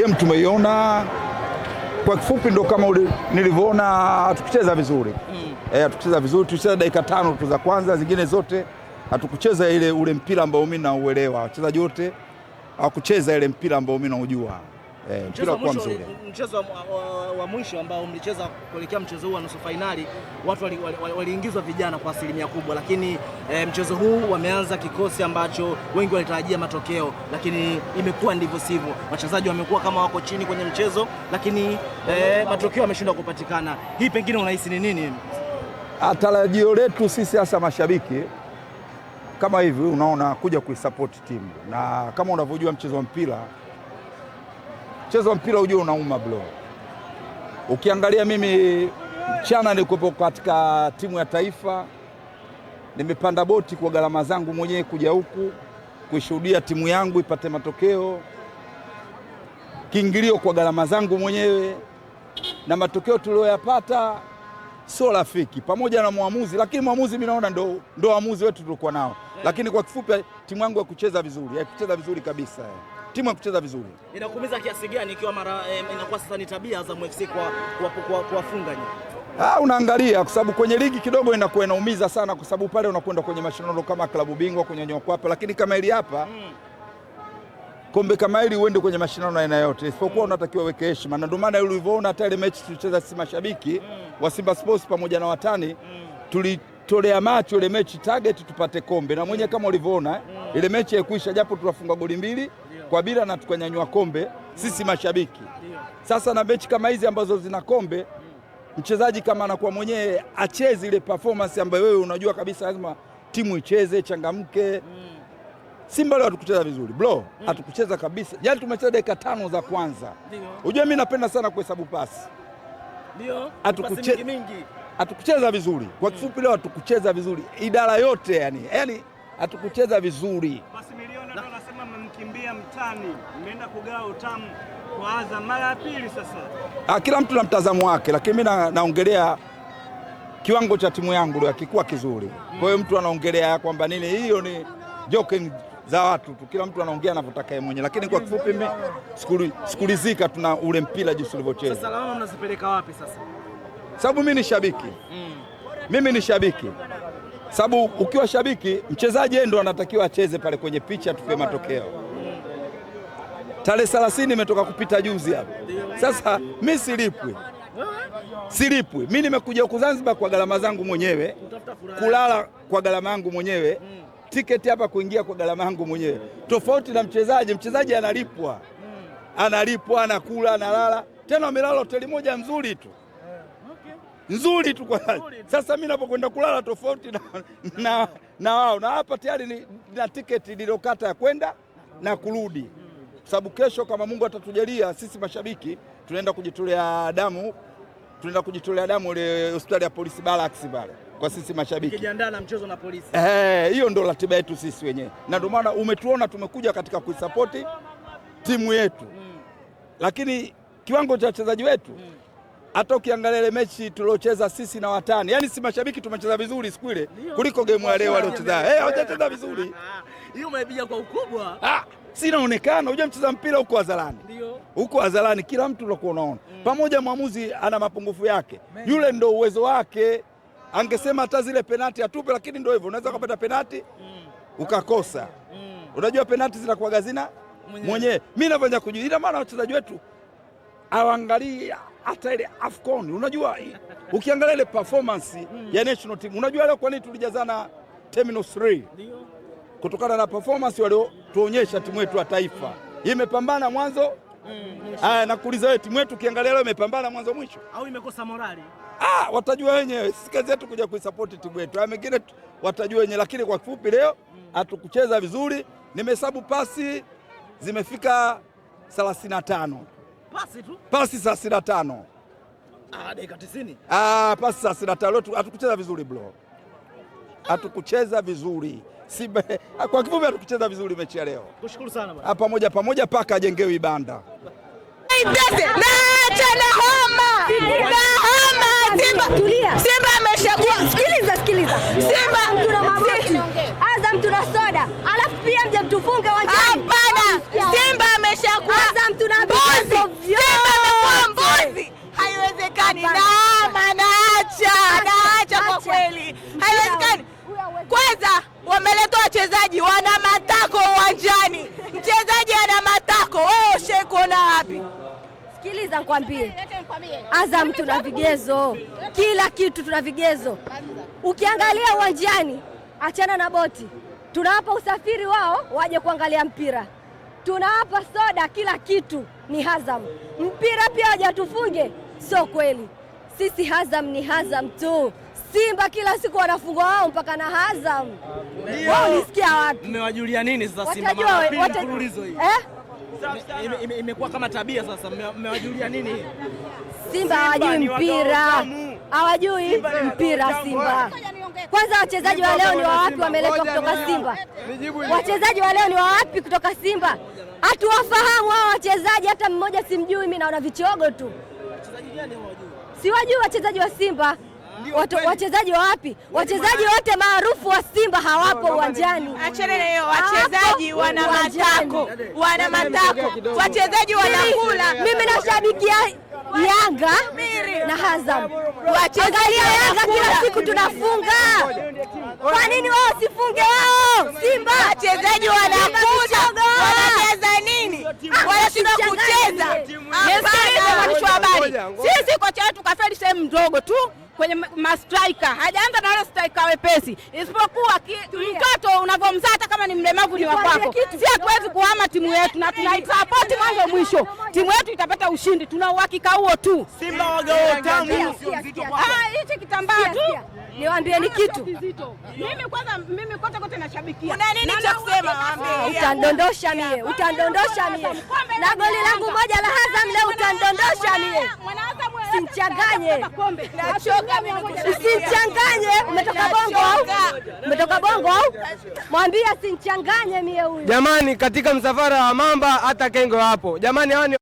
Game tumeiona kwa kifupi, ndo kama nilivyoona, hatukucheza vizuri mm. Eh, hatukucheza vizuri. Tulicheza dakika tano tu za kwanza, zingine zote hatukucheza ile ule mpira ambao mimi nauelewa. Wachezaji wote hawakucheza ile mpira ambao mimi naujua. E, mpira mzuri. Mchezo wa, wa, wa mwisho ambao mlicheza kuelekea mchezo huu wa nusu fainali watu waliingizwa wali, wali vijana kwa asilimia kubwa, lakini e, mchezo huu wameanza kikosi ambacho wengi walitarajia matokeo, lakini imekuwa ndivyo sivyo. Wachezaji wamekuwa kama wako chini kwenye mchezo, lakini e, matokeo yameshindwa kupatikana. Hii pengine unahisi ni nini? Tarajio letu sisi hasa mashabiki kama hivi, unaona kuja kuisupport timu na kama unavyojua mchezo wa mpira cheza mpira hujua unauma bro. Ukiangalia mimi mchana nilikuwepo katika timu ya taifa, nimepanda boti kwa gharama zangu mwenyewe kuja huku kuishuhudia timu yangu ipate matokeo, kiingilio kwa gharama zangu mwenyewe, na matokeo tuliyoyapata sio rafiki, pamoja na mwamuzi. Lakini mwamuzi mimi naona ndo, ndo waamuzi wetu tulikuwa nao, eh. lakini kwa kifupi timu yangu haikucheza vizuri, haikucheza vizuri kabisa. Eh timu ya kucheza vizuri. Inakuumiza kiasi gani ikiwa mara eh, inakuwa sasa ni tabia Azam FC kwa kuwafunga Ah, unaangalia kwa sababu kwenye ligi kidogo inakuwa inaumiza sana, kwa sababu pale unakwenda kwenye mashindano kama klabu bingwa kunyanyua kwapo, lakini kama ili hapa mm. kombe kama ili uende kwenye mashindano aina yote, isipokuwa mm. unatakiwa weke heshima, na ndio maana ulivyoona hata ile mechi tulicheza sisi mashabiki mm. wa Simba Sports pamoja na watani mm. tulitolea macho ile mechi target tupate kombe na mwenye kama ulivyoona mm. Ile mechi haikuisha, japo tunafunga goli mbili kwa bila na tukanyanyua kombe sisi mashabiki. Sasa na mechi kama hizi ambazo zina kombe, mchezaji kama anakuwa mwenyewe acheze ile performance ambayo wewe unajua kabisa lazima timu icheze, changamke. Simba leo hatukucheza vizuri bro, hatukucheza kabisa. Yaani tumecheza dakika tano za kwanza. Unajua mimi napenda sana kuhesabu pasi, hatukucheza vizuri. Kwa kifupi, leo hatukucheza vizuri idara yote yani, yani hatukucheza vizuri. Basi milioni ndio anasema mmemkimbia mtani, mmeenda kugawa utamu kwa Azam mara ya pili sasa. Ah, kila mtu na mtazamo wake, lakini mimi naongelea kiwango cha timu yangu leo kikuwa kizuri. Kwa hiyo mtu anaongelea kwamba nini, hiyo ni joking za watu tu, kila mtu anaongea anavyotaka yeye mwenyewe, lakini kwa kifupi mimi sikulizika, tuna ule mpira jinsi ulivyocheza. Sasa lawama mnazipeleka wapi sasa? Sababu mimi ni shabiki mm. mimi ni shabiki sababu ukiwa shabiki mchezaji ndo anatakiwa acheze pale kwenye picha, tupe matokeo. Tarehe 30 imetoka kupita juzi hapo. Sasa mi silipwi, silipwi mi, nimekuja huku Zanzibar kwa gharama zangu mwenyewe, kulala kwa gharama yangu mwenyewe, tiketi hapa kuingia kwa gharama yangu mwenyewe, tofauti na mchezaji. Mchezaji analipwa, analipwa, anakula, analala, tena amelala hoteli moja nzuri tu nzuri tu kwa sasa. Mimi napokwenda kulala tofauti na, na, na wao na hapa tayari na tiketi niliyokata ya kwenda na kurudi, sababu kesho kama Mungu atatujalia sisi mashabiki tunaenda kujitolea damu, tunaenda kujitolea damu ile hospitali ya polisi Barracks pale kwa sisi mashabiki tukijiandaa na mchezo na polisi. Eh, hiyo ndio ratiba yetu sisi wenyewe, na ndio maana umetuona tumekuja katika kuisapoti timu yetu hmm. Lakini kiwango cha wachezaji wetu hmm hata ukiangalia ile mechi tuliocheza sisi na watani, yaani si mashabiki tumecheza vizuri siku ile kuliko game ya leo waliocheza. Eh, hawajacheza vizuri. Ah, hiyo umepiga kwa ukubwa. Ah, si inaonekana unajua mcheza mpira huko wazalani. Ndio. Huko wazalani kila mtu unakuwa anaona. Mm. Pamoja mwamuzi ana mapungufu yake. Man. Yule ndo uwezo wake. Angesema hata zile penati atupe, lakini ndio hivyo unaweza mm. kupata penati mm. ukakosa. Mm. Unajua penati zinakuwa gazina mwenyewe. Mimi navyoanza kujua ina maana wachezaji wetu awaangalia hata ile Afcon, unajua ukiangalia ile performance mm. ya national team, unajua leo kwa nini tulijazana terminal 3 ndio kutokana na performance walio tuonyesha timu yetu ya taifa imepambana mwanzo mm, aya, nakuuliza wewe, timu yetu ukiangalia leo imepambana mwanzo mwisho au imekosa morali? Ah, watajua wenyewe, sisi kazi yetu kuja kuisupport timu yetu, mengine watajua wenyewe, lakini kwa kifupi leo hatukucheza mm. vizuri. Nimehesabu pasi zimefika 35 pasi tu, pasi thelathini na tano ah, dakika tisini Ah, pasi thelathini na tano hatukucheza vizuri bro, hatukucheza vizuri Simba, kwa kifupi hatukucheza vizuri mechi ya leo. Kushukuru sana bwana. Ah, pamoja pamoja paka ajengewe ibanda Simba ameshagua. Sikiliza, sikiliza. Simba tuna mabosi. Azam tuna soda. Alafu pia mje mtufunge wanjani. Hapana. Sikiliza nikwambie, Azam tuna vigezo, kila kitu tuna vigezo. Ukiangalia uwanjani, achana na boti, tunawapa usafiri wao waje kuangalia mpira, tunawapa soda, kila kitu ni Azam. Mpira pia wajatufunge, sio kweli. Sisi Azam ni Azam tu. Simba kila siku wanafungwa wao mpaka na Azam. Wao nisikia wapi? Mmewajulia nini sasa Simba? Watajua, Eh? imekuwa kama tabia sasa. Mmewajulia nini? Simba hawajui mpira, hawajui mpira Simba. Kwanza wachezaji wa leo ni wa wapi wameletwa kutoka Simba? Wachezaji wa leo ni wa wapi kutoka Simba? Hatuwafahamu hao wachezaji, hata mmoja simjui. Mimi naona vichogo tu, siwajui wachezaji wa Simba wachezaji wa wapi? Yaani wachezaji wote maarufu wa Simba hawapo uwanjani. Achana na hiyo, wachezaji wana matako, yaani, yaani, wana matako, wachezaji wanakula. Mimi nashabikia Yanga na Hazam. Wachezaji Yanga kila siku tunafunga, kwa nini wao sifunge? Wao Simba wachezaji wanakula, wanacheza nini? Ah, Wanashinda kucheza. Mwandishi wa habari, sisi kocha wetu kafeli sehemu ndogo tu kwenye mastrika hajaanza na wale straika wepesi, isipokuwa mtoto unavyomzaa hata kama ni mlemavu ni wakwako. Si hatuwezi kuhama timu yetu, na tunaisapoti mwanzo mwisho. Timu yetu itapata ushindi, tuna uhakika huo tu. Simba wagao tamu, ah, hichi kitambaa tu Niwaambieni kitu, mimi kwanza, mimi kote kote nashabikia. Una nini cha kusema? Waambie, utandondosha mie, utandondosha mie na goli langu moja la Azam leo, utandondosha mie. Msimchanganye, msimchanganye. Umetoka bongo au umetoka bongo au? Mwambie simchanganye mie huyu. Jamani, katika msafara wa mamba hata kenge hapo jamani, hawa